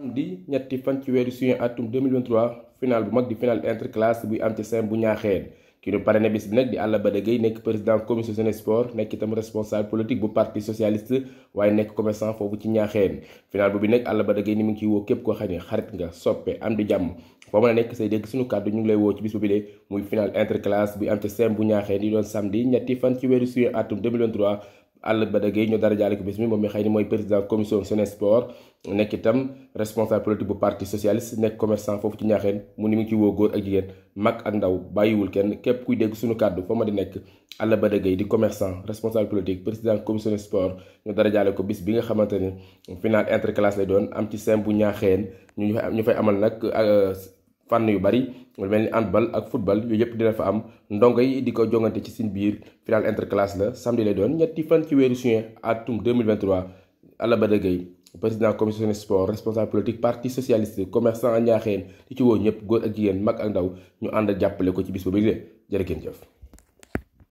di ñetti fan ci weeru juin atum 2023 final bu mag di final interclasse buy am ci sein bu ñaaxeen ki ñu parrainé bis bi nag di Alla Bada Gaye nekk président commission jeunesse sport nekk itam responsable politique bu parti socialiste waaye nekk commerçant foofu ci ñaaxeen final bu bi nag Alla Bada Gaye ni mu ngi woo képp koo xam xarit nga soppe am di jàmm foo mën a nekk say dégg suñu kàddu ñu lay woo ci bis bu bi de muy final interclasse àll Bada Gueye ñu dara jaale ko bis mi moom mi xëy ni mooy président commission jeunesse sport nekk itam responsable politique bu parti socialiste nekk commerçant foofu ci ñaaxeen mu ni mu ci woo góor ak jigéen mag ak ndaw bàyyiwul kenn képp kuy dégg suñu kàddu fa ma di nekk àll Bada Gueye di commerçant responsable politique président commission sport ñu dara ko bis bi nga xamante ne final interclasse lay doon am ci simb bu ñaaxeen ñu ñu fay amal nag euh, fànn yu bari lu mel ni handball ak football yooyu yëpp dina fa am ndongo yi di ko jongante ci seen biir final interclasse la samedi lay doon ñetti fan ci weeru juin atum 2023 Alabada Gueye président commission sport responsable politique parti socialiste commerçant a Ñaaxeen di ci woo ñëpp góor ak jigéen mag ak ndaw ñu ànd jàppale ko ci bis ba bi jërë ngeen jëf